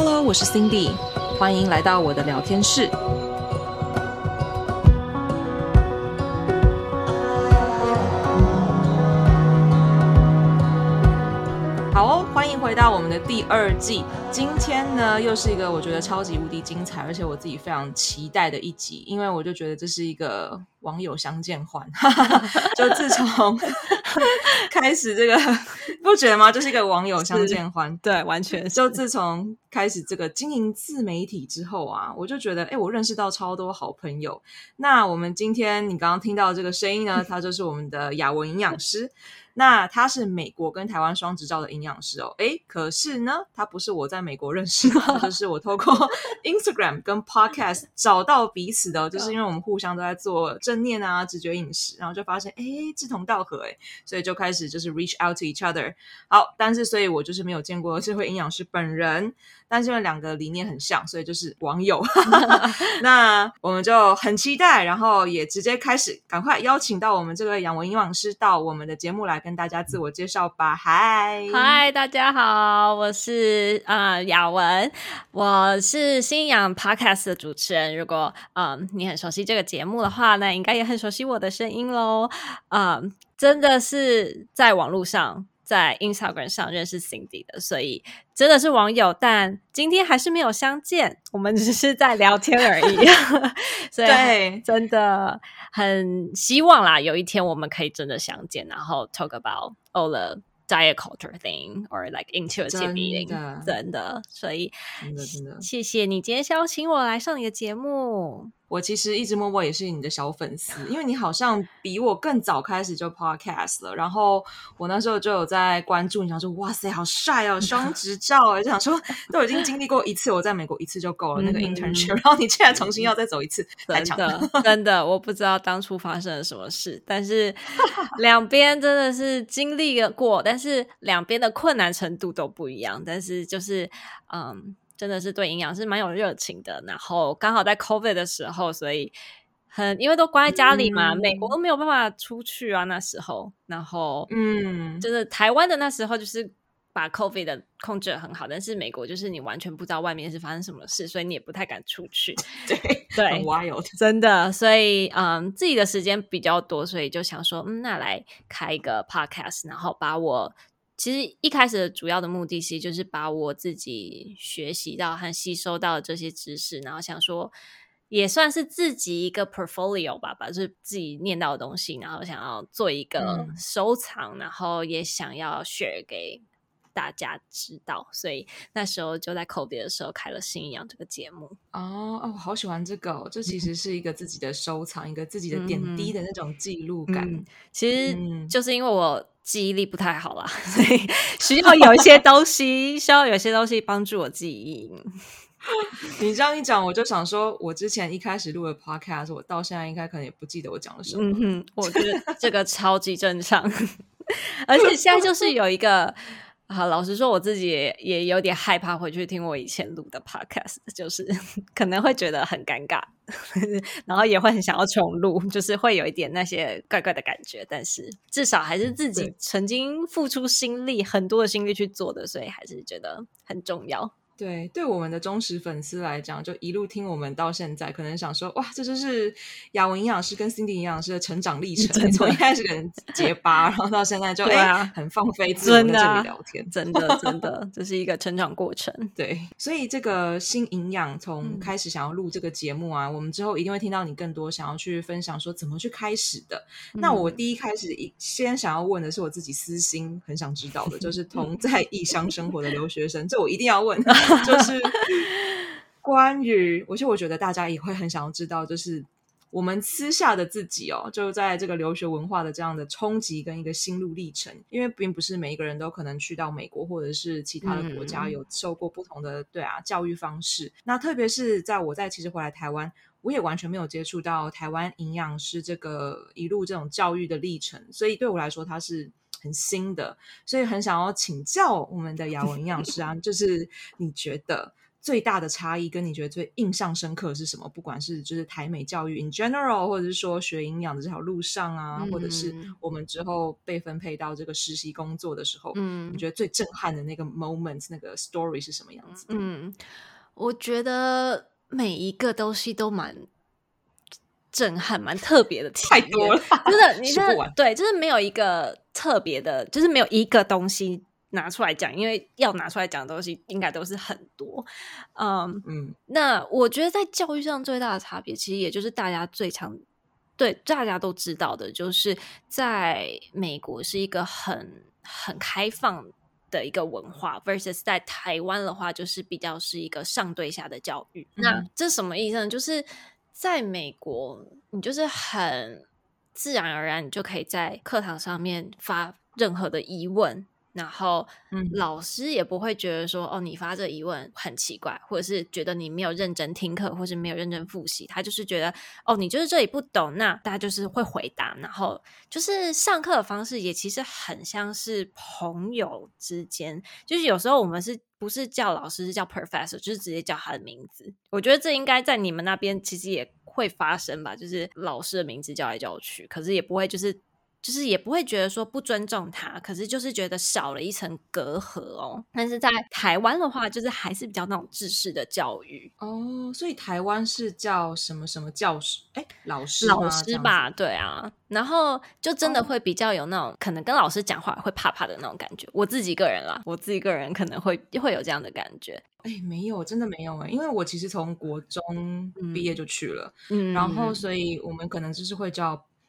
Hello，我是 Cindy，歡迎來到我的聊天室。好哦，歡迎回到我們的第二季。今天呢，又是一個我覺得超級無敵精彩，而且我自己非常期待的一集，因為我就覺得這是一個網友相見歡。 就自從 開始這個， 不覺得嗎？這是一個網友相見歡。對，完全。就自從開始這個經營自媒體之後啊，我就覺得，誒，我認識到超多好朋友。那我們今天你剛剛聽到這個聲音呢，他就是我們的雅雯營養師。 那他是美國跟台灣雙執照的營養師哦。哎，可是呢，他不是我在美國認識的，就是我透過 Instagram 跟 Podcast 找到彼此的， 就是因為我們互相都在做正念啊、直覺飲食，然後就發現，哎，志同道合，誒，所以就開始就是 reach out to each other。好，但是所以我就是沒有見過雅雯營養師本人。但是因為兩個理念很像，所以就是網友。 那我們就很期待，然後也直接開始，趕快邀請到我們這個雅雯營養師到我們的節目來跟大家自我介紹吧。嗨，嗨，大家好，我是啊、呃、雅雯，我是新陽 Podcast 的主持人。如果嗯、呃、你很熟悉這個節目的話，那應該也很熟悉我的聲音嘍。啊、呃，真的是在網絡上。在 Instagram 上認識 Cindy 的，所以真的是網友，但今天還是沒有相見，我們只是在聊天而已。對，真的很希望啦，有一天我們可以真的相見，然後 talk about all the diet culture thing or like intuitive eating。真的，所以真的真的謝謝你今天邀請我來上你的節目。我其實一直默默也是你的小粉絲，因為你好像比我更早開始就 podcast 了。然後我那時候就有在關注你，然後說：“哇塞，好帥哦、啊，雙執照啊！” 就想說，都已經經歷過一次， 我在美國一次就夠了那個 internship、嗯嗯。然後你竟然重新要再走一次， 真的真的，我不知道當初發生了什麼事，但是 兩邊真的是經歷了過，但是兩邊的困難程度都不一樣，但是就是嗯。真的是對營養是蠻有熱情的，然後剛好在 COVID 的時候，所以很因為都關在家裡嘛，嗯、美國都沒有辦法出去啊那時候，然後嗯，就是台灣的那時候就是把 COVID 的控制得很好，但是美國就是你完全不知道外面是發生什麼事，所以你也不太敢出去。對對，真的，所以嗯，自己的時間比較多，所以就想說，嗯，那來開一個 podcast，然後把我。其實一開始的主要的目的，其實就是把我自己學習到和吸收到的這些知識，然後想說，也算是自己一個 portfolio 吧，把就是自己念到的東西，然後想要做一個收藏，嗯、然後也想要 share 給。大家知道，所以那時候就在 COVID 的時候開了《信仰》這個節目。哦，哦，我好喜歡這個、哦，這其實是一個自己的收藏，嗯、一個自己的點滴的那種記錄感。嗯嗯、其實就是因為我記憶力不太好啦，所以需要有一些東西， 需要有一些東西幫助我記憶。你這樣一講，我就想說，我之前一開始錄的 podcast，我到現在應該可能也不記得我講了什麼。嗯哼，我覺得這個超級正常， 而且現在就是有一個。好，老實說，我自己也，也有點害怕回去聽我以前錄的 Podcast，就是可能會覺得很尷尬，呵呵，然後也會很想要重錄，就是會有一點那些怪怪的感覺。但是至少還是自己曾經付出心力，對很多的心力去做的，所以還是覺得很重要。對對，對我們的忠實粉絲來講，就一路聽我們到現在，可能想說，哇，這就是雅雯營養師跟 Cindy 營養師的成長歷程，的從一開始結巴，然後到現在就哎、啊、很放飛自我在這裡聊天，真的、啊、真的，真的 這是一個成長過程。對，所以這個新營養從開始想要錄這個節目啊，嗯、我們之後一定會聽到你更多想要去分享說怎麼去開始的。嗯、那我第一開始先想要問的是我自己私心很想知道的，就是同在異鄉生活的留學生， 這我一定要問。 就是關於，而且我覺得大家也會很想要知道，就是我們私下的自己哦，就在這個留學文化，的這樣的衝擊跟一個心路歷程。因為並不是每一個人都可能去到美國或者是其他的國家有受過不同的、嗯、對啊教育方式。那特別是在我在其實回來台灣，我也完全沒有接觸到台灣營養師這個一路這種教育的歷程，所以對我來說，它是。很新的，所以很想要請教我們的雅雯營養師啊， 就是你覺得最大的差異，跟你覺得最印象深刻是什麼？不管是就是台美教育 in general，或者是說學營養的這條路上啊，嗯、或者是我們之後被分配到這個實習工作的時候，嗯，你覺得最震撼的那個 moment，那個 story 是什麼樣子？嗯，我覺得每一個東西都蠻震撼，蠻特別的，太多了，真的，你的對，就是沒有一個。特別的，就是沒有一個東西拿出來講，因為要拿出來講的東西應該都是很多。Um, 嗯，那我覺得在教育上最大的差別，其實也就是大家最常，對大家都知道的，就是在美國是一個很很開放的一個文化，versus 在台灣的話，就是比較是一個上對下的教育。嗯、那這什麼意思呢？就是在美國，你就是很。自然而然你就可以在課堂上面發任何的疑問，然後老師也不會覺得說、嗯、哦你發這疑問很奇怪，或者是覺得你沒有認真聽課，或者是沒有認真複習，他就是覺得哦你就是這裡不懂，那大家就是會回答，然後就是上課的方式也其實很像是朋友之間，就是有時候我們是不是叫老師是叫 professor，就是直接叫他的名字，我覺得這應該在你們那邊其實也。會發生吧，就是老師的名字叫來叫去，可是也不會就是。就是也不會覺得說不尊重他，可是就是覺得少了一層隔閡哦。但是在台灣的話，就是還是比較那種制式的教育哦，所以台灣是叫什麼什麼教師哎，老師老師吧，對啊，然後就真的會比較有那種、哦、可能跟老師講話會怕怕的那種感覺。我自己個人啊，我自己個人可能會會有這樣的感覺。哎，沒有，真的沒有哎，因為我其實從國中畢業就去了，嗯，然後所以我們可能就是會叫。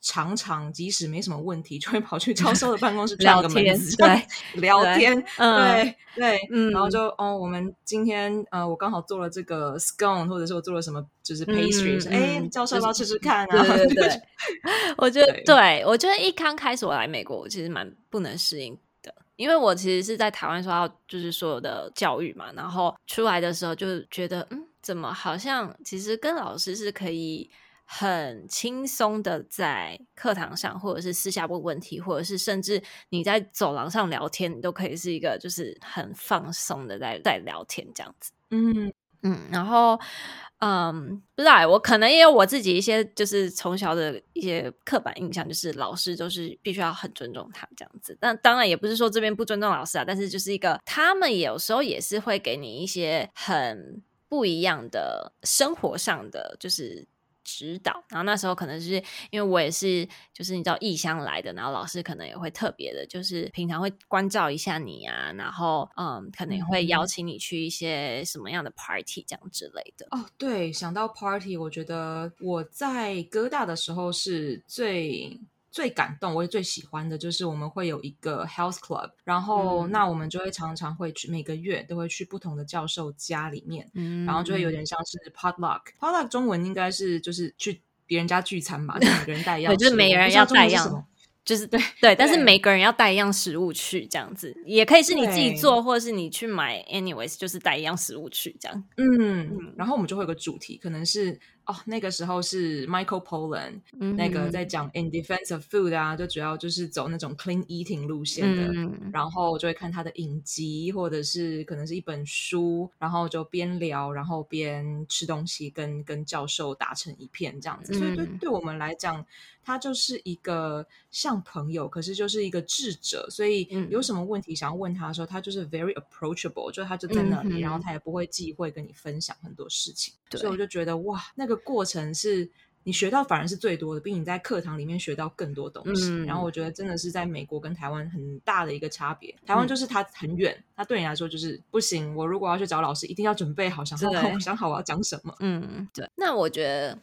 常常即使沒什麼問題，就會跑去教授的辦公室 聊天。對， 聊天，對，對，嗯，然後就，嗯、哦，我們今天，呃，我剛好做了這個 scone，或者說我做了什麼，就是 pastrie、嗯嗯、s 哎，教授要試試看啊，就是，對，對，對對， 對我覺得，對，對我覺得一剛開始我來美國，我其實蠻不能適應的，因為我其實是在台灣受到就是所有的教育嘛，然後出來的時候就覺得，嗯，怎麼好像其實跟老師是可以。很輕鬆的，在課堂上，或者是私下問問題，或者是甚至你在走廊上聊天，你都可以是一個就是很放鬆的在在聊天這樣子。嗯嗯，然後嗯，不知道我可能也有我自己一些就是從小的一些刻板印象，就是老師就是必須要很尊重他這樣子。但當然也不是說這邊不尊重老師啊，但是就是一個他們有時候也是會給你一些很不一樣的生活上的就是。指導，然後那時候可能是因為我也是，就是你知道異鄉來的，然後老師可能也會特別的，就是平常會關照一下你啊，然後嗯，可能會邀請你去一些什麼樣的 party 這樣之類的。嗯嗯、哦，對，想到 party，我覺得我在哥大的時候是最。最感動，我也最喜歡的就是我們會有一個 health club，然後、嗯、那我們就會常常會去每個月都會去不同的教授家裡面，嗯、然後就會有點像是 potluck，potluck、嗯、potluck 中文應該是就是去別人家聚餐吧， 就每個人帶一樣，就是每個人要帶一樣，就是對對，對但是每個人要帶一樣食物去這樣子，也可以是你自己做，對或者是你去買，anyways，就是帶一樣食物去這樣，嗯，嗯然後我們就會有個主題，可能是。Oh, 那個時候是 Michael Pollan，mm hmm. 那個在講 In Defense of Food 啊，就主要就是走那種 Clean Eating 路線的。Mm hmm. 然後就會看他的影集，或者是可能是一本書，然後就邊聊，然後邊吃東西跟，跟跟教授打成一片這樣子。所以對，mm hmm. 對我們來講，他就是一個像朋友，可是就是一個智者。所以有什麼問題想要問他的時候，他就是 Very Approachable，就他就在那裡，mm hmm. 然後他也不會忌諱跟你分享很多事情。對所以我就覺得哇，那個。過程是你學到反而是最多的，比你在課堂裡面學到更多東西。嗯、然後我覺得真的是在美國跟台灣很大的一個差別。台灣就是它很遠，它、嗯、對你來說就是不行。我如果要去找老師，一定要準備好，想好對想好我要講什麼。嗯，對。那我覺得，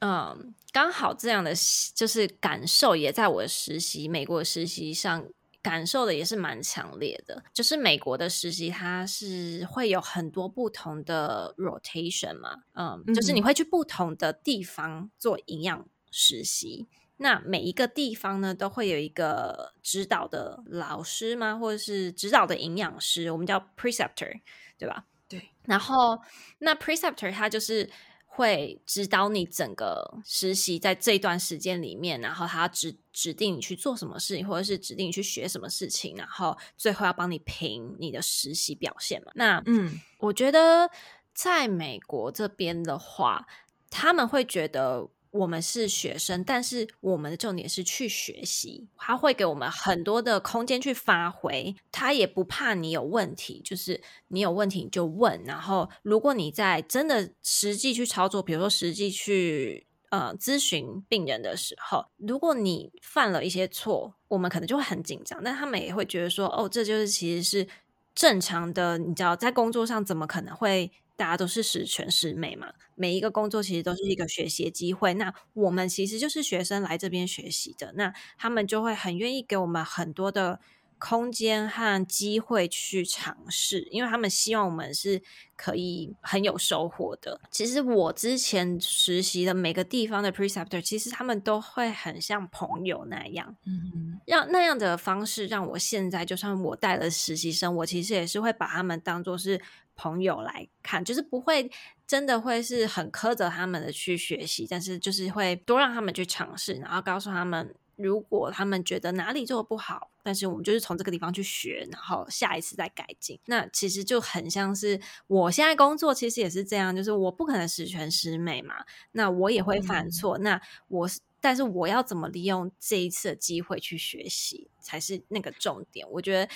嗯，剛好這樣的就是感受也在我實習美國實習上。感受的也是蠻強烈的，就是美國的實習，它是會有很多不同的 rotation 嘛，嗯，嗯哼就是你會去不同的地方做營養實習，那每一個地方呢，都會有一個指導的老師嘛，或者是指導的營養師，我們叫 preceptor，對吧？對。然後那 preceptor 它就是。會指導你整個實習，在這一段時間裡面，然後他指指定你去做什麼事情，或者是指定你去學什麼事情，然後最後要幫你評你的實習表現嘛。那嗯，我覺得在美國這邊的話，他們會覺得。我們是學生，但是我們的重點是去學習。他會給我們很多的空間去發揮，他也不怕你有問題，就是你有問題你就問。然後，如果你在真的實際去操作，比如說實際去呃諮詢病人的時候，如果你犯了一些錯，我們可能就會很緊張，但他們也會覺得說，哦，這就是其實是。正常的，你知道，在工作上怎麼可能會大家都是十全十美嘛？每一個工作其實都是一個學習機會。那我們其實就是學生來這邊學習的，那他們就會很願意給我們很多的。空間和機會去嘗試，因為他們希望我們是可以很有收穫的。其實我之前實習的每個地方的 preceptor 其實他們都會很像朋友那樣，讓、嗯嗯、那樣的方式讓我現在，就算我帶了實習生，我其實也是會把他們當做是朋友來看，就是不會真的會是很苛責他們的去學習，但是就是會多讓他們去嘗試，然後告訴他們。如果他們覺得哪裡做的不好，但是我們就是從這個地方去學，然後下一次再改進。那其實就很像是我現在工作，其實也是這樣，就是我不可能十全十美嘛，那我也會犯錯。嗯、那我，但是我要怎麼利用這一次的機會去學習，才是那個重點。我覺得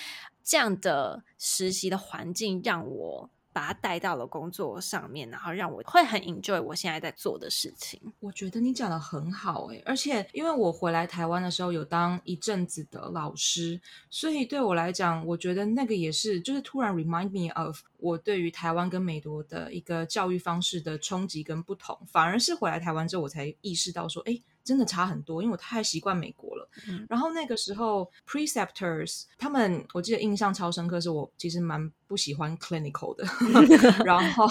這樣的實習的環境讓我。把它帶到了工作上面，然後讓我會很 enjoy 我現在在做的事情。我覺得你講得很好哎、欸，而且因為我回來台灣的時候有當一陣子的老師，所以對我來講，我覺得那個也是就是突然 remind me of 我對於台灣跟美國的一個教育方式的衝擊跟不同，反而是回來台灣之後我才意識到說，哎、欸。真的差很多，因為我太習慣美國了。嗯、然後那個時候，preceptors 他們，我記得印象超深刻，是我其實蠻不喜歡 clinical 的，然後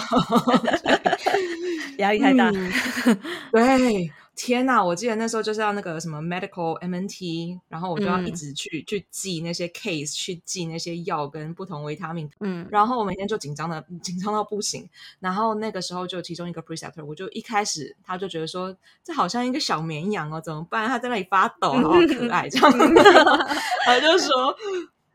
壓力太大， 對。天吶！我記得那時候就是要那個什麼 medical MNT，然後我就要一直去、嗯、去記那些 case，去記那些藥跟不同維他命。嗯，然後我每天就緊張的緊張到不行。然後那個時候就其中一個 preceptor，我就一開始他就覺得說，這好像一個小綿羊哦，怎麼辦？他在那裡發抖，好，好可愛，嗯、這樣子、嗯 okay。他就說，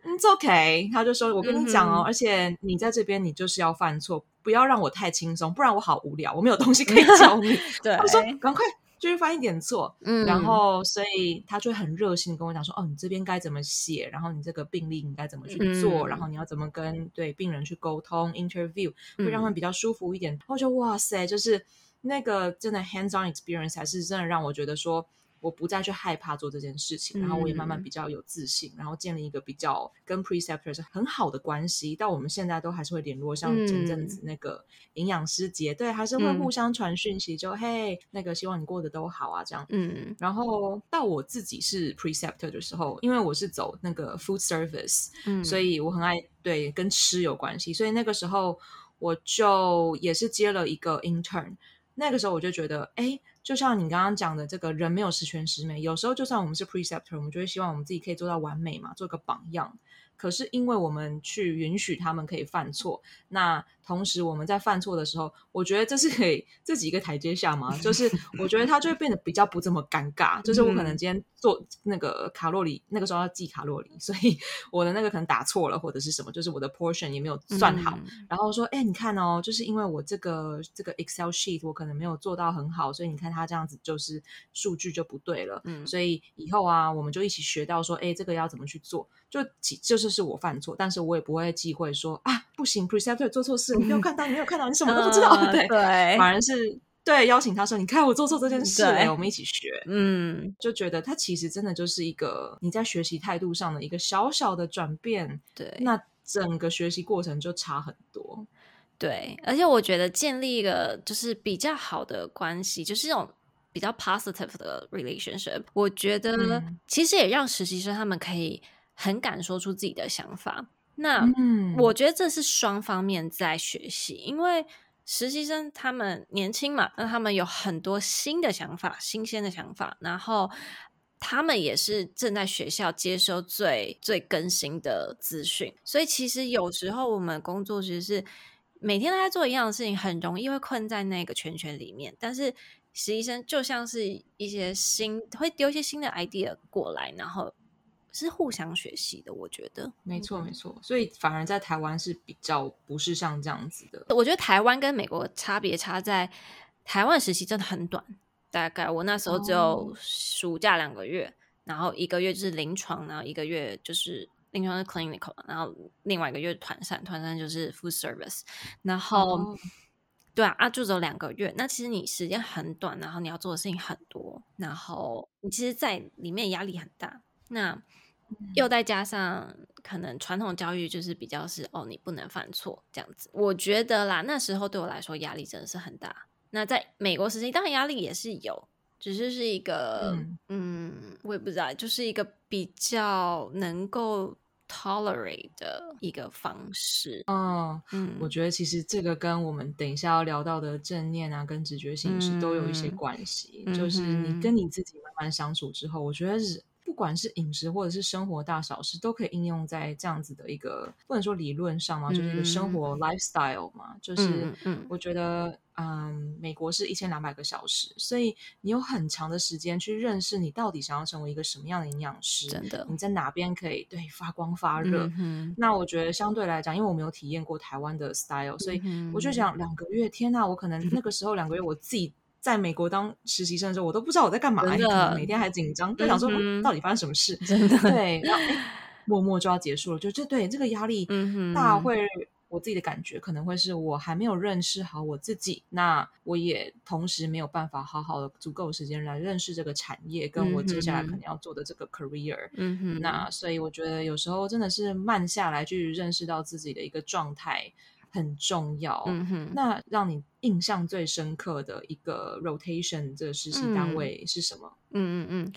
嗯，這 OK。他就說我跟你講哦，嗯、而且你在這邊你就是要犯錯，不要讓我太輕鬆，不然我好無聊，我沒有東西可以教你。對，他說，趕快。就會犯一點錯，嗯、然後所以他就會很熱心地跟我講說：“嗯、哦，你這邊該怎麼寫？然後你這個病例應該怎麼去做？嗯、然後你要怎麼跟對病人去溝通？Interview 會讓他們比較舒服一點。嗯”，我就哇塞，就是那個真的 hands-on experience 才是真的讓我覺得說。我不再去害怕做這件事情，然後我也慢慢比較有自信，嗯、然後建立一個比較跟 preceptor 是很好的關係。到我們現在都還是會聯絡，像前陣子那個營養師節，嗯、對，還是會互相傳訊息就，就、嗯、嘿，那個希望你過得都好啊，這樣。嗯，然後到我自己是 preceptor 的時候，因為我是走那個 food service，嗯、所以我很愛對跟吃有關係，所以那個時候我就也是接了一個 intern。那個時候我就覺得，哎，就像你剛剛講的，這個人沒有十全十美。有時候，就算我們是 preceptor，我們就會希望我們自己可以做到完美嘛，做個榜樣。可是，因為我們去允許他們可以犯錯，那。同時，我們在犯錯的時候，我覺得這是可以自己一個台階下嘛，就是我覺得他就會變得比較不這麼尷尬。就是我可能今天做那個卡路里，那個時候要記卡路里，所以我的那個可能打錯了或者是什麼，就是我的 portion 也沒有算好。嗯、然後說，哎、欸，你看哦，就是因為我這個這個 Excel sheet 我可能沒有做到很好，所以你看他這樣子就是數據就不對了。嗯，所以以後啊，我們就一起學到說，哎、欸，這個要怎麼去做？就就是是我犯錯，但是我也不會忌諱說啊，不行，Preceptor 做錯事。你沒有看到，你沒有看到，你什麼都不知道，嗯、對，反而是對，對邀請他說：“你看我做錯這件事、欸，哎對，我們一起學。”嗯，就覺得他其實真的就是一個你在學習態度上的一個小小的轉變，對，那整個學習過程就差很多，對。而且我覺得建立一個就是比較好的關係，就是這種比較 positive 的 relationship，我覺得、嗯、其實也讓實習生他們可以很敢說出自己的想法。那我覺得這是雙方面在學習，嗯、因為實習生他們年輕嘛，那他們有很多新的想法、新鮮的想法，然後他們也是正在學校接收最最更新的資訊，所以其實有時候我們工作其實是每天都在做一樣的事情，很容易會困在那個圈圈裡面。但是實習生就像是一些新，會丟一些新的 idea 過來，然後。是互相學習的，我覺得沒錯沒錯，所以反而在台灣是比較不是像這樣子的。我覺得台灣跟美國差別差在台灣實習真的很短，大概我那時候只有暑假兩個月，哦、然後一個月就是臨床，然後一個月就是臨床是 clinical，然後另外一個月是團膳，團膳就是 food service，然後、哦、對啊啊，住走兩個月，那其實你時間很短，然後你要做的事情很多，然後你其實在裡面壓力很大，那。嗯、又再加上，可能傳統教育就是比較是哦，你不能犯錯這樣子。我覺得啦，那時候對我來說壓力真的是很大。那在美國時期，當然壓力也是有，只是是一個嗯，嗯，我也不知道，就是一個比較能夠 tolerate 的一個方式。哦，嗯、我覺得其實這個跟我們等一下要聊到的正念啊，跟直覺性是都有一些關係。嗯、就是你跟你自己慢慢相處之後，我覺得是。不管是飲食或者是生活大小事，都可以應用在這樣子的一個不能說理論上嘛，就是一個生活 lifestyle 嘛，嗯、就是我覺得，嗯，嗯，美國是一千兩百個小時，所以你有很長的時間去認識你到底想要成為一個什麼樣的營養師，真的，你在哪邊可以對發光發熱？嗯哼，那我覺得相對來講，因為我沒有體驗過台灣的 style，所以我就想兩個月，嗯哼，天吶，我可能那個時候兩個月我自己。在美國當實習生的時候，我都不知道我在幹嘛，的每天還緊張，就想說我到底發生什麼事。對真的對，然後，默默就要結束了，就這對這個壓力大會，嗯、哼我自己的感覺可能會是我還沒有認識好我自己，那我也同時沒有辦法好好的足夠時間來認識這個產業，跟我接下來可能要做的這個 career。嗯哼，那所以我覺得有時候真的是慢下來去認識到自己的一個狀態。很重要。嗯、哼那讓你印象最深刻的一個 rotation 的實習單位是什麼？嗯嗯嗯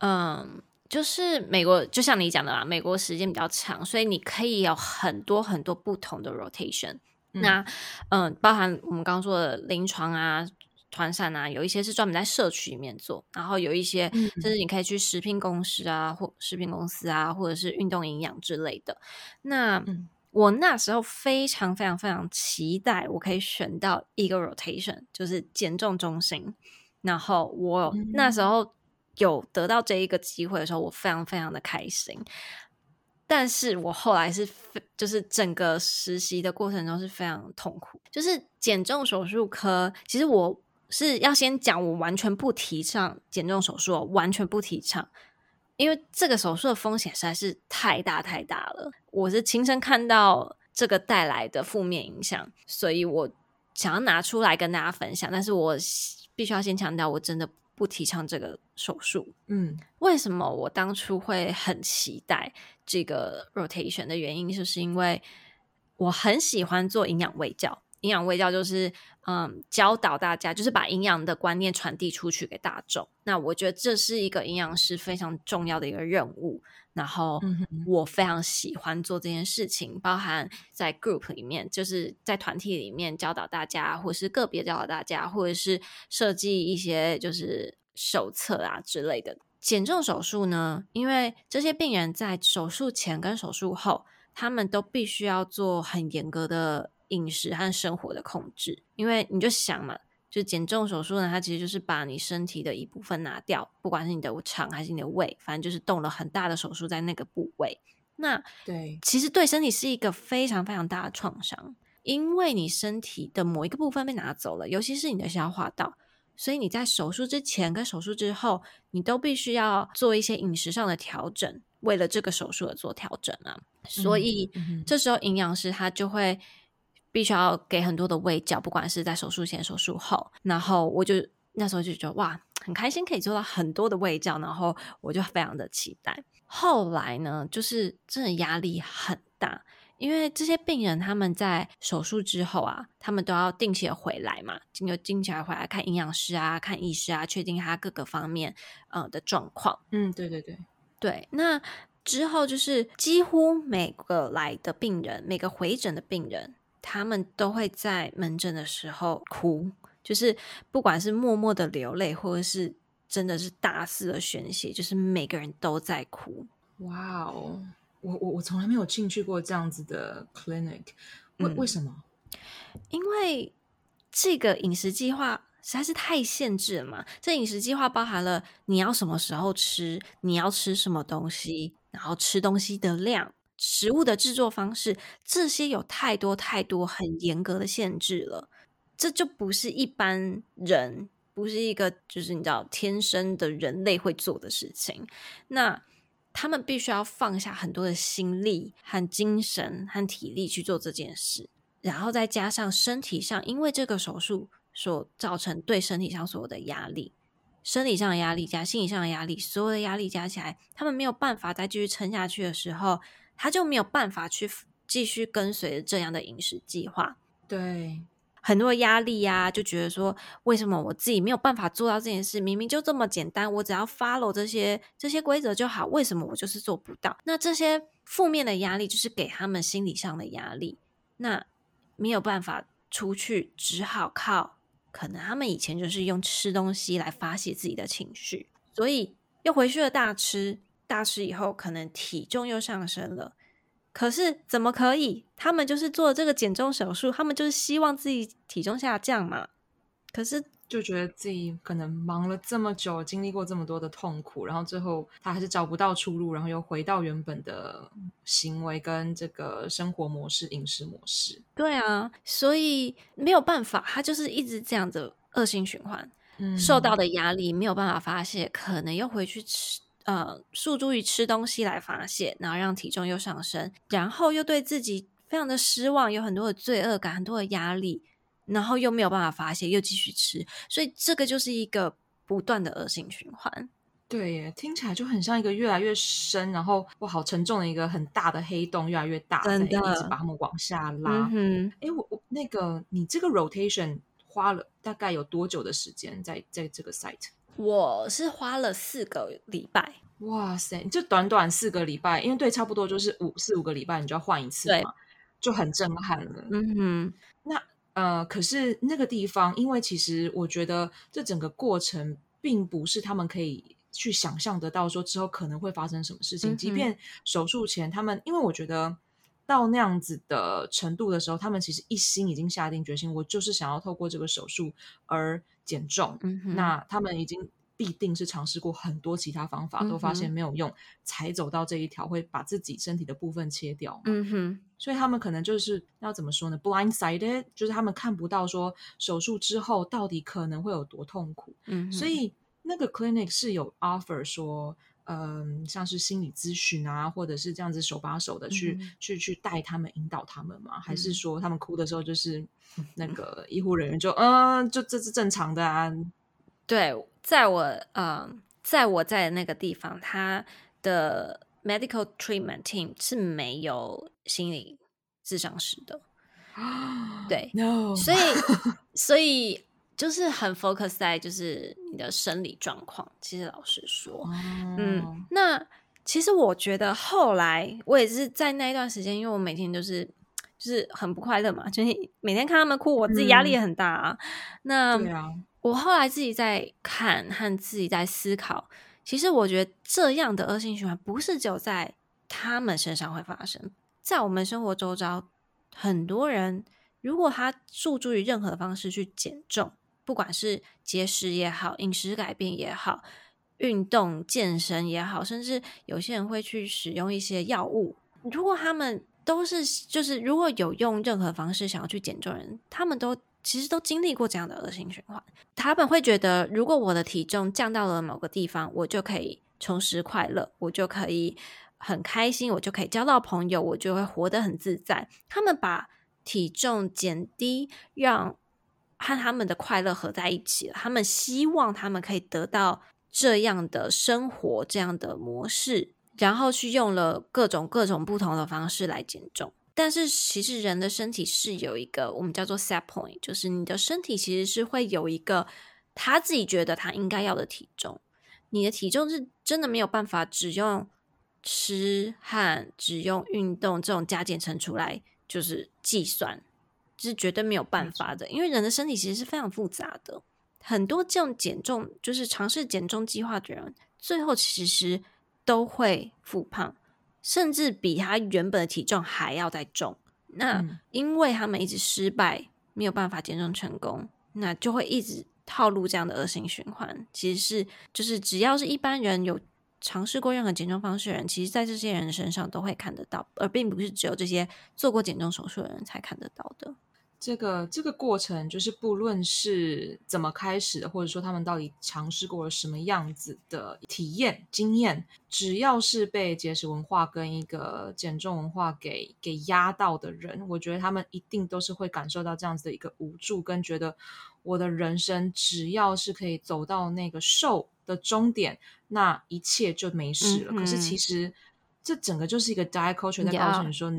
嗯，就是美國，就像你講的啦，美國時間比較長，所以你可以有很多很多不同的 rotation。嗯，那嗯，包含我們剛剛說的臨床啊、團膳啊，有一些是專門在社區裡面做，然後有一些甚至、嗯嗯、你可以去食品公司啊，或食品公司啊，或者是運動營養之類的。那嗯。我那時候非常非常非常期待，我可以選到一個 rotation，就是減重中心。然後我、嗯、那時候有得到這一個機會的時候，我非常非常的開心。但是我後來是，就是整個實習的過程中是非常痛苦。就是減重手術科，其實我是要先講，我完全不提倡減重手術喔，完全不提倡。因為這個手術的風險實在是太大太大了，我是親身看到這個帶來的負面影響，所以我想要拿出來跟大家分享。但是我必須要先強調，我真的不提倡這個手術。嗯，為什麼我當初會很期待這個 rotation 的原因，就是因為我很喜歡做營養衛教，營養衛教就是。嗯，教導大家就是把營養的觀念傳遞出去給大眾。那我覺得這是一個營養師非常重要的一個任務。然後我非常喜歡做這件事情，包含在 group 裡面，就是在團體裡面教導大家，或是個別教導大家，或者是設計一些就是手冊啊之類的。減重手術呢，因為這些病人在手術前跟手術後，他們都必須要做很嚴格的。飲食和生活的控制，因為你就想嘛，就減重手術呢，它其實就是把你身體的一部分拿掉，不管是你的腸還是你的胃，反正就是動了很大的手術在那個部位。那對，其實對身體是一個非常非常大的創傷，因為你身體的某一個部分被拿走了，尤其是你的消化道，所以你在手術之前跟手術之後，你都必須要做一些飲食上的調整，為了這個手術而做調整啊。所以，嗯嗯，這時候營養師他就會。必須要給很多的衛教，不管是在手術前、手術後，然後我就那時候就覺得哇，很開心可以做到很多的衛教，然後我就非常的期待。後來呢，就是真的壓力很大，因為這些病人他們在手術之後啊，他們都要定期的回來嘛，經，就定期回來看營養師啊、看醫師啊，確定他各個方面嗯、呃、的狀況。嗯，對對對對。那之後就是幾乎每個來的病人，每個回診的病人。他們都會在門診的時候哭，就是不管是默默的流淚，或者是真的是大肆的宣泄，就是每個人都在哭。哇哦、Wow，我我我從來沒有進去過這樣子的 clinic，為、嗯、為什麼？因為這個飲食計劃實在是太限制了嘛。這飲食計劃包含了你要什麼時候吃，你要吃什麼東西，然後吃東西的量。食物的製作方式，這些有太多太多很嚴格的限制了，這就不是一般人，不是一個就是你知道天生的人類會做的事情。那他們必須要放下很多的心力和精神和體力去做這件事，然後再加上身體上因為這個手術所造成對身體上所有的壓力，生理上的壓力加心理上的壓力，所有的壓力加起來，他們沒有辦法再繼續撐下去的時候，他就沒有辦法去繼續跟隨這樣的飲食計劃，對。很多壓力呀、啊，就覺得說為什麼我自己沒有辦法做到這件事？明明就這麼簡單，我只要 follow 這些這些規則就好，為什麼我就是做不到？那這些負面的壓力就是給他們心理上的壓力，那沒有辦法出去，只好靠可能他們以前就是用吃東西來發洩自己的情緒，所以又回去了大吃。大吃以後可能體重又上升了，可是怎麼可以？他們就是做這個減重手術，他們就是希望自己體重下降嘛。可是就覺得自己可能忙了這麼久，經歷過這麼多的痛苦，然後最後他還是找不到出路，然後又回到原本的行為跟這個生活模式、飲食模式。對啊，所以沒有辦法，他就是一直這樣子惡性循環。嗯，受到的壓力沒有辦法發洩，可能又回去吃。呃，訴諸於吃東西來發泄，然後讓體重又上升，然後又對自己非常的失望，有很多的罪惡感，很多的壓力，然後又沒有辦法發泄，又繼續吃，所以這個就是一個不斷的惡性循環。對耶，聽起來就很像一個越來越深，然後哇，好沉重的一個很大的黑洞，越來越大，真的，一直把他們往下拉。嗯哼，哎、欸，我我那個你這個 rotation 花了大概有多久的時間在在這個 site？我是花了四個禮拜，哇塞！這短短四個禮拜，因為對，差不多就是五四五個禮拜，你就要換一次嘛，對就很震撼了。嗯哼那呃，可是那個地方，因為其實我覺得這整個過程並不是他們可以去想象得到，說之後可能會發生什麼事情。嗯、哼即便手術前，他們因為我覺得到那樣子的程度的時候，他們其實一心已經下定決心，我就是想要透過這個手術而。減重，嗯、哼那他們已經必定是嘗試過很多其他方法，嗯、哼都發現沒有用，才走到這一條，會把自己身體的部分切掉。嗯、哼所以他們可能就是要怎麼說呢？Blindsided，就是他們看不到說手術之後到底可能會有多痛苦。嗯、哼所以那個 clinic 是有 offer 說。嗯、呃，像是心理諮詢啊，或者是這樣子手把手的去、嗯、去去帶他們、引導他們嗎？嗯、還是說他們哭的時候，就是那個醫護人員就嗯，嗯嗯就這是正常的、啊？對，在我嗯、呃，在我在那個地方，他的 medical treatment team 是沒有心理諮詢師的。對，所以 No. 所以。所以就是很 focus 在就是你的生理狀況。其實老實說，哦、嗯，那其實我覺得後來我也是在那一段時間，因為我每天就是就是很不快樂嘛，就是每天看他們哭，我自己壓力也很大啊。嗯、那，對啊，我後來自己在看和自己在思考，其實我覺得這樣的惡性循環不是只有在他們身上會發生，在我們生活周遭，很多人如果他注重於任何方式去減重。不管是節食也好，飲食改變也好，運動健身也好，甚至有些人會去使用一些藥物。如果他們都是，就是如果有用任何方式想要去減重人，人他們都其實都經歷過這樣的惡性循環。他們會覺得，如果我的體重降到了某個地方，我就可以重拾快樂，我就可以很開心，我就可以交到朋友，我就會活得很自在。他們把體重減低，讓和他們的快樂合在一起了。他們希望他們可以得到這樣的生活、這樣的模式，然後去用了各種各種不同的方式來減重。但是，其實人的身體是有一個我們叫做 set point，就是你的身體其實是會有一個他自己覺得他應該要的體重。你的體重是真的沒有辦法只用吃和只用運動這種加減乘除來就是計算。是絕對沒有辦法的，因為人的身體其實是非常複雜的。很多這種減重，就是嘗試減重計劃的人，最後其實都會復胖，甚至比他原本的體重還要再重。那因為他們一直失敗，沒有辦法減重成功，那就會一直套路這樣的惡性循環。其實是，就是只要是一般人有嘗試過任何減重方式的人，其實，在這些人身上都會看得到，而並不是只有這些做過減重手術的人才看得到的。這個這個過程就是，不論是怎麼開始或者說他們到底嘗試過了什麼樣子的體驗經驗，只要是被節食文化跟一個減重文化給給壓到的人，我覺得他們一定都是會感受到這樣子的一個無助，跟覺得我的人生只要是可以走到那個瘦的終點，那一切就沒事了。嗯哼。可是其實。這整個就是一個 diet culture 在告訴你說 Yeah.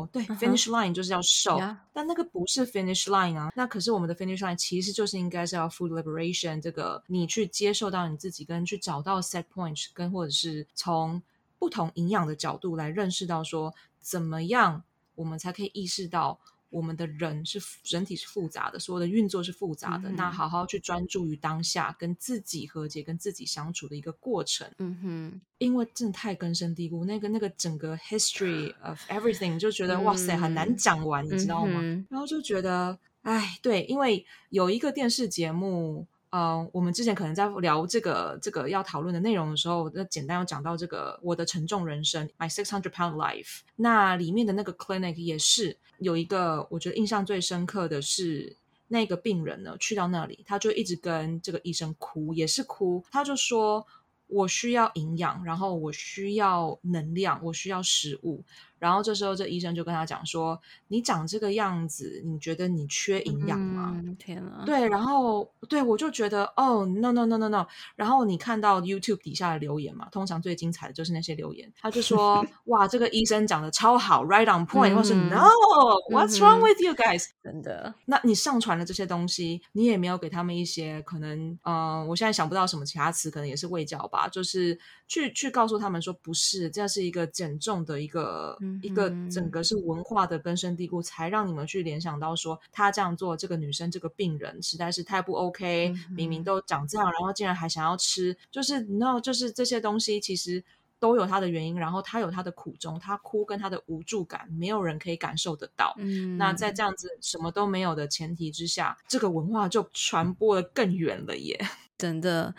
，no，對、uh huh.，finish line 就是要瘦，Yeah. 但那個不是 finish line 啊。那可是我們的 finish line 其實就是應該是要 food liberation，這個你去接受到你自己跟，跟去找到 set point，跟或者是從不同營養的角度來認識到說，怎麼樣我們才可以意識到。我們的人是，人體是複雜的，所有的運作是複雜的。嗯、哼那好好去專注於當下，跟自己和解，跟自己相處的一個過程。嗯哼，因為真的太根深蒂固，那個那個整個 history of everything，就覺得、嗯、哼哇塞很難講完，你知道嗎？嗯、哼然後就覺得，哎，對，因為有一個電視節目。呃，uh, 我們之前可能在聊這個這個要討論的內容的時候，那簡單要講到這個我的沉重人生，My Six Hundred Pound Life，那裡面的那個 clinic 也是有一個，我覺得印象最深刻的是那個病人呢，去到那裡，他就一直跟這個醫生哭，也是哭，他就說我需要營養，然後我需要能量，我需要食物。然後這時候，這醫生就跟他講說：“你長這個樣子，你覺得你缺營養嗎？”嗯、天啊！對，然後對，我就覺得哦、oh，no no no no no。然後你看到 YouTube 底下的留言嘛，通常最精彩的就是那些留言。他就說：“ 哇，這個醫生講的超好。”Right on point。」 或是 “No，What's wrong with you guys？” 真的？那你上傳了這些東西，你也沒有給他們一些可能……嗯、呃，我現在想不到什麼其他詞，可能也是衛教吧，就是。去去告訴他們說，不是，這是一個減重的一個、嗯、哼一個整個是文化的根深蒂固，才讓你們去聯想到說，她這樣做，這個女生，這個病人實在是太不 OK、嗯、哼明明都長這樣，然後竟然還想要吃，就是 no，就是這些東西其實都有它的原因，然後她有她的苦衷，她哭跟她的無助感，沒有人可以感受得到。嗯，那在這樣子什麼都沒有的前提之下，這個文化就傳播的更遠了耶。真的，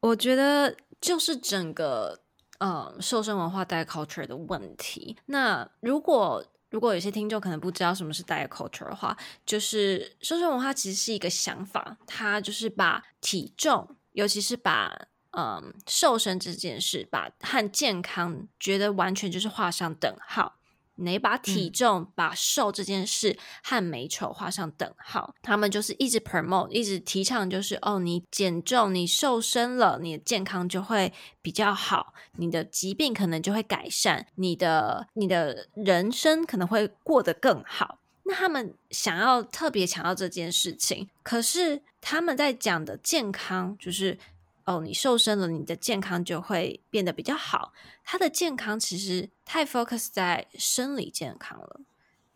我覺得。就是整個嗯瘦身文化 diet culture 的問題。那如果如果有些聽眾可能不知道什麼是 diet culture 的話，就是瘦身文化其實是一個想法，它就是把體重，尤其是把嗯瘦身這件事，把和健康覺得完全就是畫上等號，哪把體重，把瘦這件事和美醜畫上等號。嗯、他們就是一直 promote，一直提倡，就是哦，你減重、你瘦身了，你的健康就會比較好，你的疾病可能就會改善，你的你的人生可能會過得更好。那他們想要特別強調這件事情，可是他們在講的健康就是。哦，你瘦身了，你的健康就會變得比較好。他的健康其實太 focus 在生理健康了，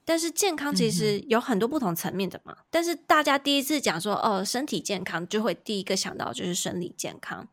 但是健康其實有很多不同層面的嘛。嗯、哼但是大家第一次講說哦，身體健康，就會第一個想到就是生理健康。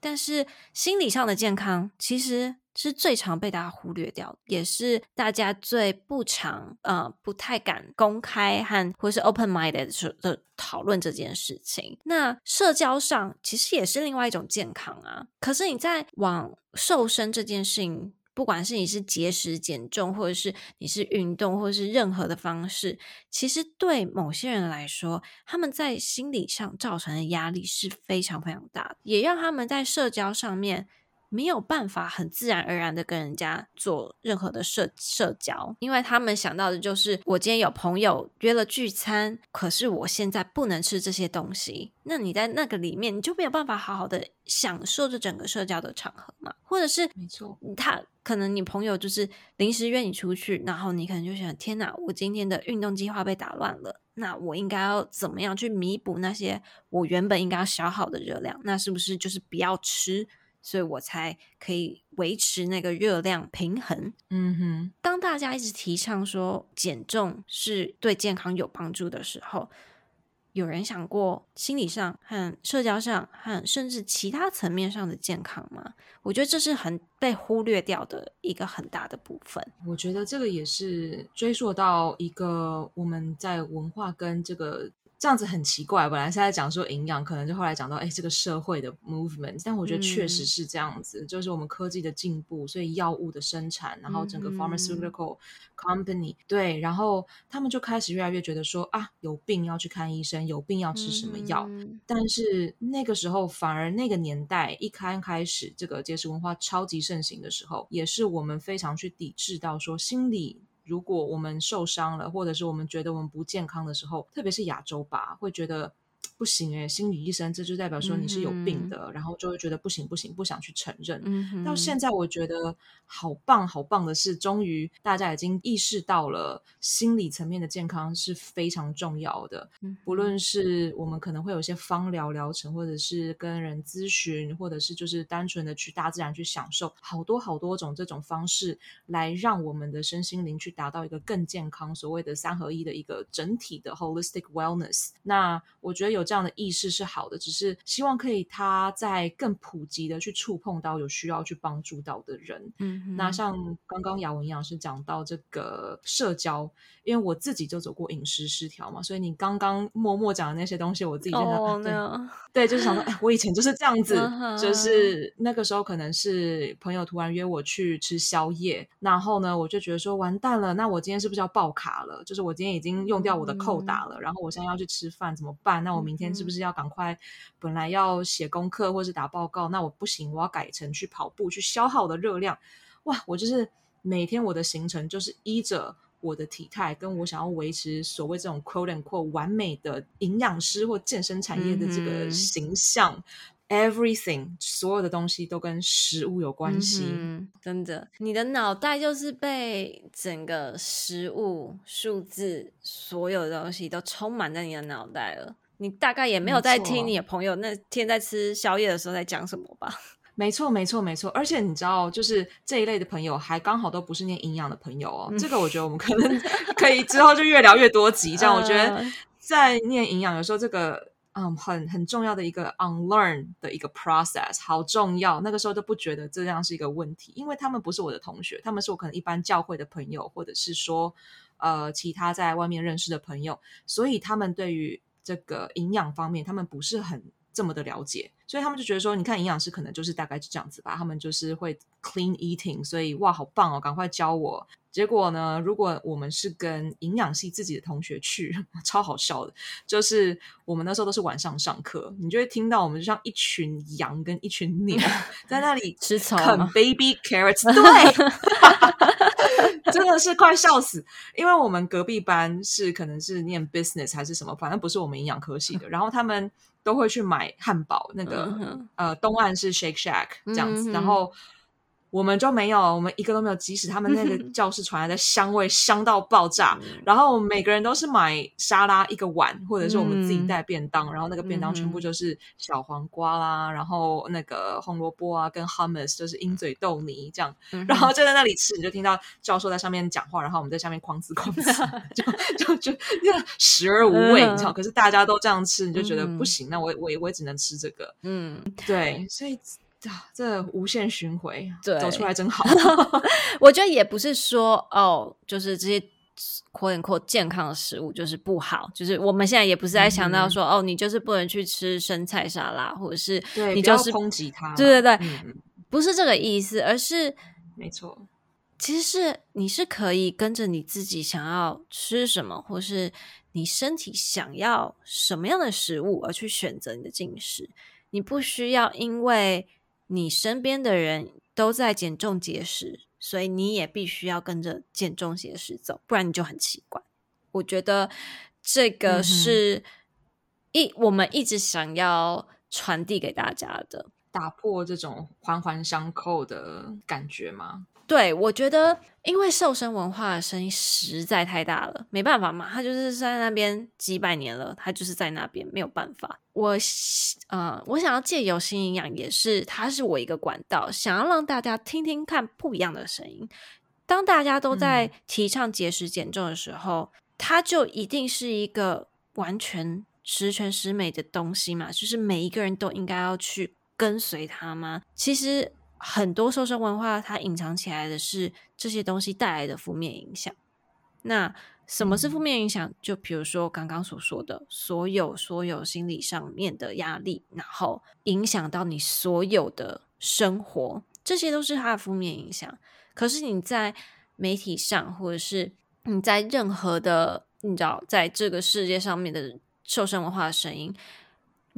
但是心理上的健康其實是最常被大家忽略掉，也是大家最不常，呃，不太敢公開和或是 open-minded 的討論這件事情。那社交上其實也是另外一種健康啊。可是你在往瘦身這件事情。不管是你是節食減重，或者是你是運動，或者是任何的方式，其實對某些人來說，他們在心理上造成的壓力是非常非常大的，也讓他們在社交上面。沒有辦法很自然而然的跟人家做任何的社社交，因為他們想到的就是我今天有朋友約了聚餐，可是我現在不能吃這些東西，那你在那個裡面，你就沒有辦法好好的享受這整個社交的場合嘛。或者是沒錯，他可能你朋友就是臨時約你出去，然後你可能就想，天哪，我今天的運動計劃被打亂了，那我應該要怎麼樣去彌補那些我原本應該要消耗的熱量？那是不是就是不要吃？所以我才可以維持那個熱量平衡。嗯哼。當大家一直提倡說，減重是對健康有幫助的時候，有人想過心理上和社交上和甚至其他層面上的健康嗎？我覺得這是很被忽略掉的一個很大的部分。我覺得這個也是追溯到一個我們在文化跟這個。這樣子很奇怪，本來現在講說營養，可能就後來講到，哎、欸，這個社會的 movement，但我覺得確實是這樣子，嗯、就是我們科技的進步，所以藥物的生產，然後整個 pharmaceutical company，嗯、對，然後他們就開始越來越覺得說啊，有病要去看醫生，有病要吃什麼藥，嗯、但是那個時候反而那個年代一開開始這個節食文化超級盛行的時候，也是我們非常去抵制到說心理。如果我們受傷了，或者是我們覺得我們不健康的時候，特別是亞洲吧，會覺得。不行哎，心理醫生，這就代表說你是有病的，嗯嗯，然後就會覺得不行不行，不想去承認。嗯嗯，到現在我覺得好棒好棒的是，終於大家已經意識到了心理層面的健康是非常重要的。不論是我們可能會有一些芳療療程，或者是跟人諮詢，或者是就是單純的去大自然去享受，好多好多種這種方式來讓我們的身心靈去達到一個更健康，所謂的三合一的一個整體的 holistic wellness。那我覺得有。這樣的意識是好的，只是希望可以他在更普及的去觸碰到有需要去幫助到的人。嗯哼，那像剛剛雅雯營養師講到這個社交，因為我自己就走過飲食失調嘛，所以你剛剛默默講的那些東西，我自己覺得對，對，就是想說哎，我以前就是這樣子， 就是那個時候可能是朋友突然約我去吃宵夜，然後呢，我就覺得說完蛋了，那我今天是不是要爆卡了？就是我今天已經用掉我的扣打了，嗯、然後我現在要去吃飯怎麼辦？那我明天、嗯。天是不是要趕快？本來要寫功課或是打報告，那我不行，我要改成去跑步，去消耗我的熱量。哇！我就是每天我的行程就是依着我的體態，跟我想要維持所謂這種 “quote and quote” 完美的營養師或健身產業的這個形象、嗯、哼，everything 所有的東西都跟食物有關係、嗯。真的，你的腦袋就是被整個食物、數字、所有的東西都充滿在你的腦袋了。你大概也沒有在聽你的朋友那天在吃宵夜的時候在講什麼吧？沒錯，沒錯，沒錯。而且你知道，就是這一類的朋友，還剛好都不是念營養的朋友哦。嗯、這個我覺得我們可能可以之後就越聊越多集這樣。 我覺得在念營養有時候這個嗯，嗯很很重要的一個 unlearn 的一個 process 好重要。那個時候都不覺得這樣是一個問題，因為他們不是我的同學，他們是我可能一般教會的朋友，或者是說呃其他在外面認識的朋友，所以他們對於。這個營養方面，他們不是很這麼的了解，所以他們就覺得說，你看營養師可能就是大概就這樣子吧，他們就是會 clean eating，所以哇，好棒哦，趕快教我。結果呢？如果我們是跟營養系自己的同學去，超好笑的。就是我們那時候都是晚上上課，你就會聽到我們就像一群羊跟一群牛在那裡啃 baby carrots, 吃草嗎？Baby carrots，對， 真的是快笑死。因為我們隔壁班是可能是念 business 還是什麼，反正不是我們營養科系的。然後他們都會去買漢堡，那個、嗯、哼呃，東岸是 Shake Shack 這樣子，嗯、哼然後。我們就沒有，我們一個都沒有。即使他們那個教室傳來的香味香到爆炸，嗯、哼然後我們每個人都是買沙拉一個碗，或者是我們自己帶便當，嗯、哼然後那個便當全部就是小黃瓜啦，嗯、哼然後那個紅蘿蔔啊，跟 hummus 就是鷹嘴豆泥這樣，嗯、哼然後就在那裡吃，你就聽到教授在上面講話，然後我們在下面狂吃狂吃，就就就食而無味，嗯、哼你知道？可是大家都這樣吃，你就覺得不行，那我我我也只能吃這個，嗯，對，所以。這無限循環，對走出來真好。 我覺得也不是說哦，就是這些 clean eating 健康的食物就是不好，就是我們現在也不是在想到說、嗯、哦，你就是不能去吃生菜沙拉，或者是你就是要抨擊它。對對對，嗯、不是這個意思，而是沒錯，其實是你是可以跟着你自己想要吃什麼，或是你身體想要什麼樣的食物而去選擇你的進食，你不需要因為。你身邊的人都在減重節食，所以你也必須要跟着減重節食走，不然你就很奇怪。我覺得這個是一，嗯哼，一我們一直想要傳遞給大家的。打破這種環環相扣的感覺嗎？對，我覺得，因為瘦身文化的聲音實在太大了，沒辦法嘛，他就是在那邊幾百年了，他就是在那邊，沒有辦法。我呃，我想要借由新營養，也是它是我一個管道，想要讓大家聽聽看不一樣的聲音。當大家都在提倡節食減重的時候，嗯，它就一定是一個完全十全十美的東西嘛？就是每一個人都應該要去。跟隨他嗎？其實很多瘦身文化，它隱藏起來的是這些東西帶來的負面影響。那什麼是負面影響？就比如說剛剛所說的，所有所有心理上面的壓力，然後影響到你所有的生活，這些都是它的負面影響。可是你在媒體上，或者是你在任何的，你知道，在這個世界上面的瘦身文化的聲音。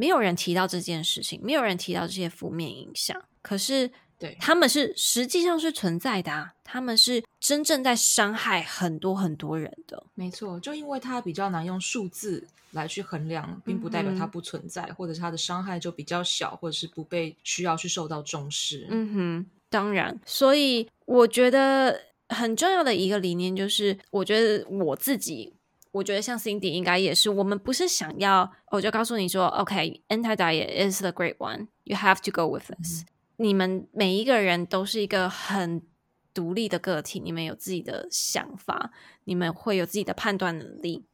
沒有人提到這件事情，沒有人提到這些負面影響。可是，對他們是實際上是存在的啊，他們是真正在傷害很多很多人的。沒錯，就因為它比較難用數字來去衡量，並不代表它不存在，嗯哼，或者它的傷害就比較小，或者是不被需要去受到重視。嗯哼，當然。所以，我覺得很重要的一個理念就是，我覺得我自己。我覺得像 Cindy 應該也是，我們不是想要，我就告訴你說，OK，Anti-Diet is the great one. You have to go with us. 嗯你們每一個人都是一個很獨立的個體，你們有自己的想法，你們會有自己的判斷能力。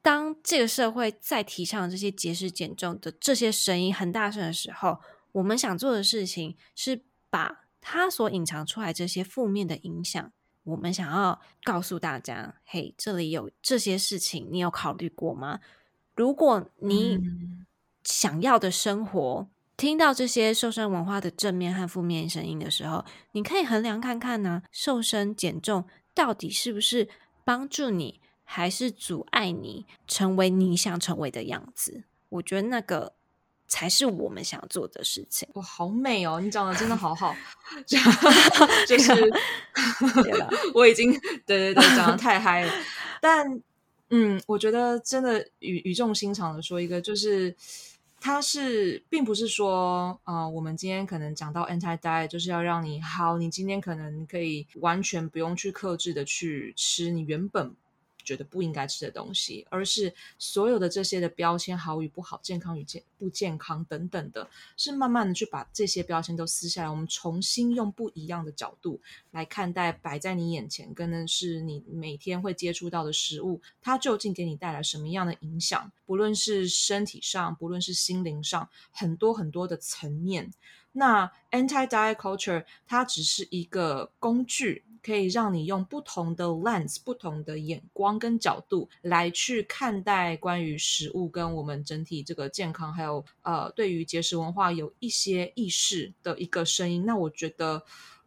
當這個社會在提倡這些節食減重的這些聲音很大聲的時候，我們想做的事情是把它所隱藏出來這些負面的影響。我們想要告訴大家，嘿，這裡有這些事情，你有考慮過嗎？如果你想要的生活，聽到這些瘦身文化的正面和負面聲音的時候，你可以衡量看看呢、啊，瘦身減重到底是不是幫助你，還是阻礙你成為你想成為的樣子？我覺得那個。才是我們想做的事情。哇、哦，好美哦！你長得真的好好， 了 就是了 我已經對對對，長得太嗨了。 但嗯，我覺得真的語語重心長的說一個，就是它是並不是說啊、呃，我們今天可能講到 anti diet，就是要讓你好，你今天可能可以完全不用去克制的去吃你原本。覺得不應該吃的東西，而是所有的這些的標籤，好與不好、健康與健不健康等等的，是慢慢的去把這些標籤都撕下來，我們重新用不一樣的角度來看待擺在你眼前，跟的是你每天會接觸到的食物，它究竟給你帶來什麼樣的影響？不論是身體上，不論是心靈上，很多很多的層面。那 Anti-Diet Culture 它只是一個工具。可以讓你用不同的 lens、不同的眼光跟角度來去看待關於食物跟我們整體這個健康，還有呃，對於節食文化有一些意識的一個聲音。那我覺得，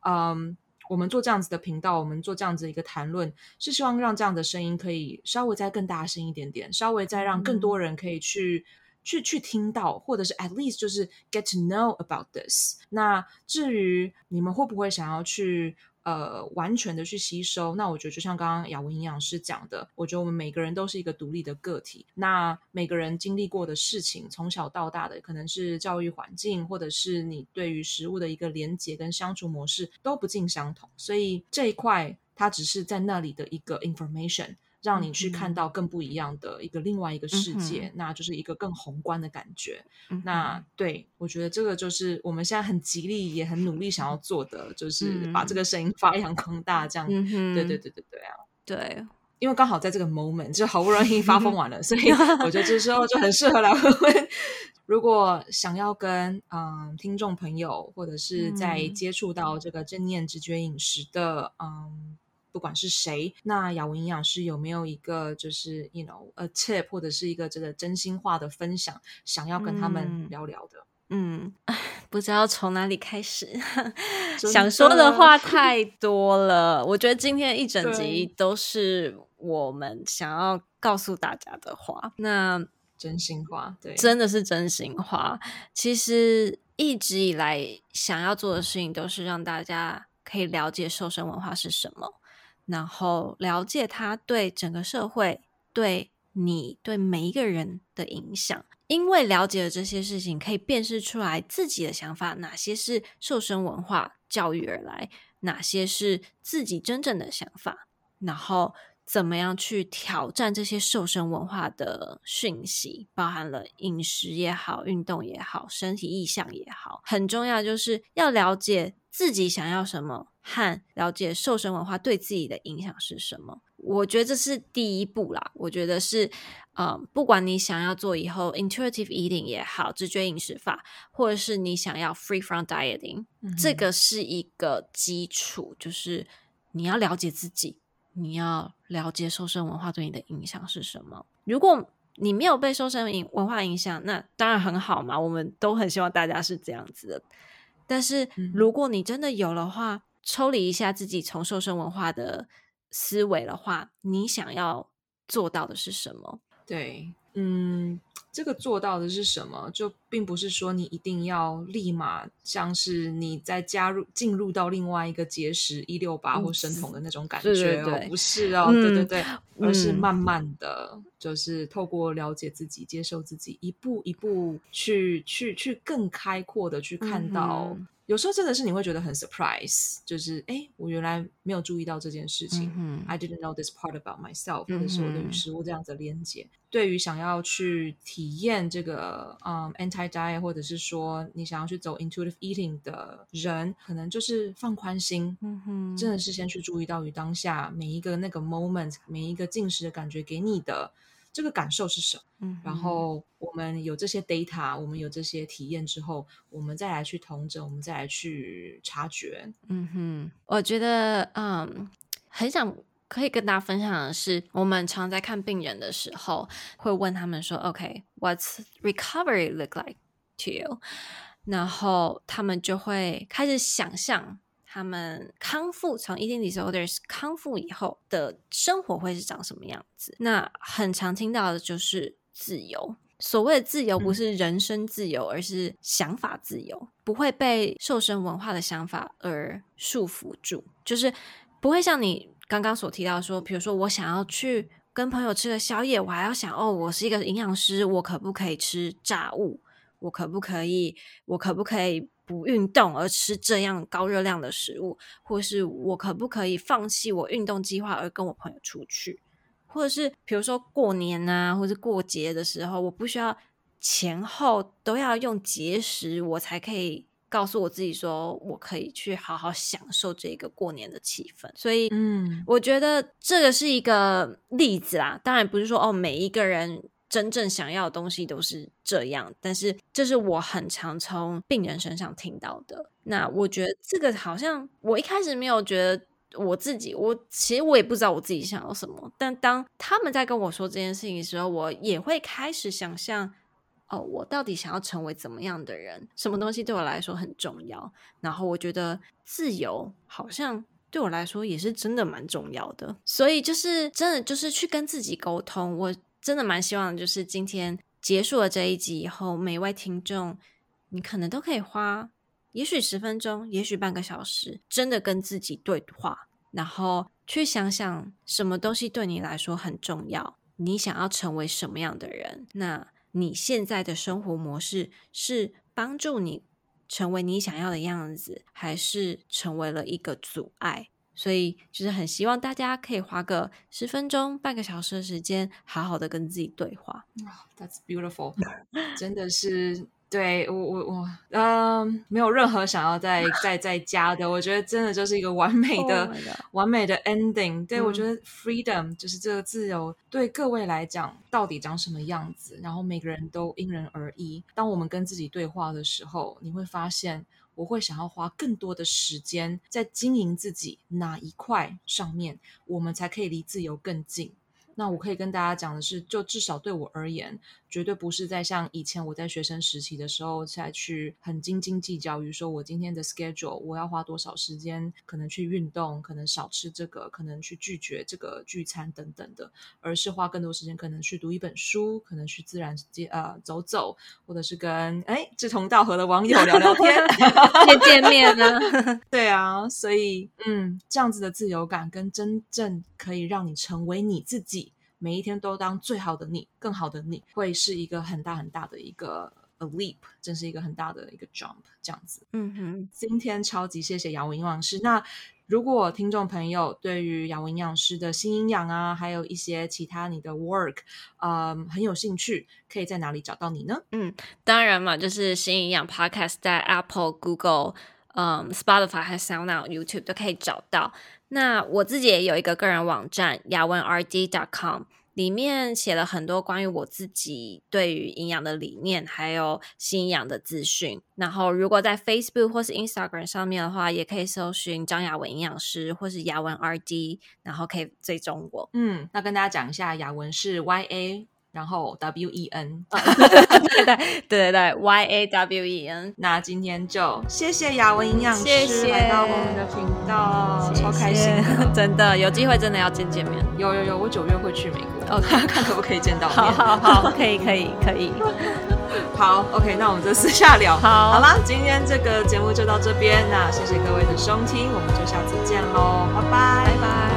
嗯，我們做這樣子的頻道，我們做這樣子的一個談論，是希望讓這樣的聲音可以稍微再更大聲一點點，稍微再讓更多人可以去、嗯、去去聽到，或者是 at least 就是 get to know about this。那至於你們會不會想要去？呃，完全的去吸收，那我覺得就像剛剛雅雯營養師講的，我覺得我們每個人都是一個獨立的個體。那每個人經歷過的事情，從小到大的，可能是教育環境，或者是你對於食物的一個連接跟相處模式都不盡相同。所以這一塊，它只是在那裡的一個 information。讓你去看到更不一樣的一個另外一個世界，嗯、哼那就是一個更宏觀的感覺。嗯、哼那對，我覺得這個就是我們現在很極力也很努力想要做的，嗯、哼就是把這個聲音發揚光大。這樣，嗯、哼對，對對對對對啊，對，因為剛好在這個 moment 就好不容易發瘋完了，嗯、哼所以我覺得這時候就很適合來問問， 如果想要跟嗯聽眾朋友或者是在接觸到這個正念直覺飲食的嗯。不管是誰，那雅雯營養師有沒有一個就是，you know，a tip 或者是一個這個真心話的分享，想要跟他們聊聊的？嗯，嗯，不知道從哪裡開始， 的想說的話太多了。 我覺得今天一整集都是我們想要告訴大家的話。對那真心話，對，真的是真心話。其實一直以來想要做的事情，都是讓大家可以了解瘦身文化是什麼。然後了解他對整個社會、對你、對每一個人的影響，因為了解了這些事情，可以辨識出來自己的想法，哪些是瘦身文化教育而來，哪些是自己真正的想法，然後。怎麼樣去挑戰這些瘦身文化的訊息，包含了飲食也好，運動也好，身體意象也好，很重要就是要了解自己想要什麼，和了解瘦身文化對自己的影響是什麼。我覺得這是第一步啦，我覺得是，嗯，呃，不管你想要做以後 intuitive eating 也好，直覺飲食法，或者是你想要 free from dieting。嗯哼。這個是一個基礎，就是你要了解自己。你要了解瘦身文化對你的影響是什麼？如果你沒有被瘦身影文化影響，那當然很好嘛，我們都很希望大家是這樣子的。但是如果你真的有的話，嗯、抽離一下自己從瘦身文化的思維的話，你想要做到的是什麼？對，嗯。這個做到的是什麼？就並不是說你一定要立馬像是你在加入進入到另外一個節食168或生酮的那種感覺哦，是對對對不是哦，嗯、對對對，而是慢慢的就是透過了解自己、嗯、接受自己，一步一步去去去更開闊的去看到、嗯。有時候真的是你會覺得很 surprise，就是哎，我原來沒有注意到這件事情。Mm hmm. I didn't know this part about myself，或者、mm hmm. 是我的與食物這樣子的連接。對於想要去體驗這個嗯、um, anti diet，或者是說你想要去走 intuitive eating 的人，可能就是放寬心，mm hmm. 真的是先去注意到於當下每一個那個 moment，每一個進食的感覺給你的。這個感受是什麼？嗯哼。然後我們有這些 data，我們有這些體驗之後，我們再來去統整，我們再來去察覺。嗯哼，我覺得，嗯，很想可以跟大家分享的是，我們常在看病人的時候，會問他們說：“OK，what's recovery look like to you？” 然後他們就會開始想象。他們康復從 eating disorders 康復以後的生活會是長什麼樣子？那很常聽到的就是自由。所謂的自由，不是人身自由，嗯、而是想法自由，不會被瘦身文化的想法而束縛住。就是不會像你剛剛所提到的說，比如說我想要去跟朋友吃個宵夜，我還要想哦，我是一個營養師，我可不可以吃炸物？我可不可以？我可不可以？不運動而吃這樣高熱量的食物，或是我可不可以放棄我運動計劃而跟我朋友出去？或者是，比如說過年啊，或是過節的時候，我不需要前後都要用節食，我才可以告訴我自己說我可以去好好享受這個過年的氣氛。所以，嗯，我覺得這個是一個例子啦。當然，不是說哦，每一個人。真正想要的東西都是這樣，但是這是我很常從病人身上聽到的。那我覺得這個好像我一開始沒有覺得我自己，我其實我也不知道我自己想要什麼。但當他們在跟我說這件事情的時候，我也會開始想象哦，我到底想要成為怎麼樣的人？什麼東西對我來說很重要？然後我覺得自由好像對我來說也是真的蠻重要的。所以就是真的就是去跟自己溝通，我。真的蠻希望，就是今天結束了這一集以後，每位聽眾，你可能都可以花，也許十分鐘，也許半個小時，真的跟自己對話，然後去想想什麼東西對你來說很重要，你想要成為什麼樣的人，那你現在的生活模式是幫助你成為你想要的樣子，還是成為了一個阻礙？所以，就是很希望大家可以花個十分鐘、半個小時的時間，好好的跟自己對話。Oh, That's beautiful， 真的是對我我我嗯、呃，沒有任何想要再再再加的。我覺得真的就是一個完美的、oh、my 完美的 ending。對、嗯、我覺得 freedom 就是這個自由，對各位來講到底長什麼樣子？然後每個人都因人而異。當我們跟自己對話的時候，你會發現。我會想要花更多的時間在經營自己哪一塊上面，我們才可以離自由更近。那我可以跟大家講的是，就至少對我而言，絕對不是在像以前我在學生時期的時候才去很斤斤計較於說，我今天的 schedule 我要花多少時間，可能去運動，可能少吃這個，可能去拒絕這個聚餐等等的，而是花更多時間可能去讀一本書，可能去自然界，呃走走，或者是跟哎志同道合的網友聊聊天，見 見面呢。 對啊，所以嗯，這樣子的自由感跟真正可以讓你成為你自己。每一天都當最好的你，更好的你，會是一個很大很大的一個、A、leap，真是一個很大的一個 jump，這樣子。嗯哼。今天超級謝謝雅雯營養師。那如果聽眾朋友對於雅雯營養師的新營養啊，還有一些其他你的 work 嗯，很有興趣，可以在哪裡找到你呢？嗯，當然嘛，就是新營養 podcast 在 Apple、嗯、Google、嗯 Spotify 和 SoundCloud、YouTube 都可以找到。那我自己也有一個個人網站雅雯 RD.com，裡面寫了很多關於我自己對於營養的理念，還有新營養的資訊。然後如果在 Facebook 或是 Instagram 上面的話，也可以搜尋張雅雯營養師或是雅雯 RD，然後可以追蹤我。嗯，那跟大家講一下，雅雯是 YA。然後 W E N， 對對對，對 Y A W E N。那今天就謝謝雅雯營養師來到我們的頻道，謝謝超開心，謝謝 真的有機會真的要見見面。有有有，我九月會去美國，哦，Okay. 看可不可以見到面。好好好，可以可以可以。可以 好，OK，那我們就私下聊。好，好啦，今天這個節目就到這邊，那謝謝各位的收聽，我們就下次見嘍，拜拜拜拜。Bye bye。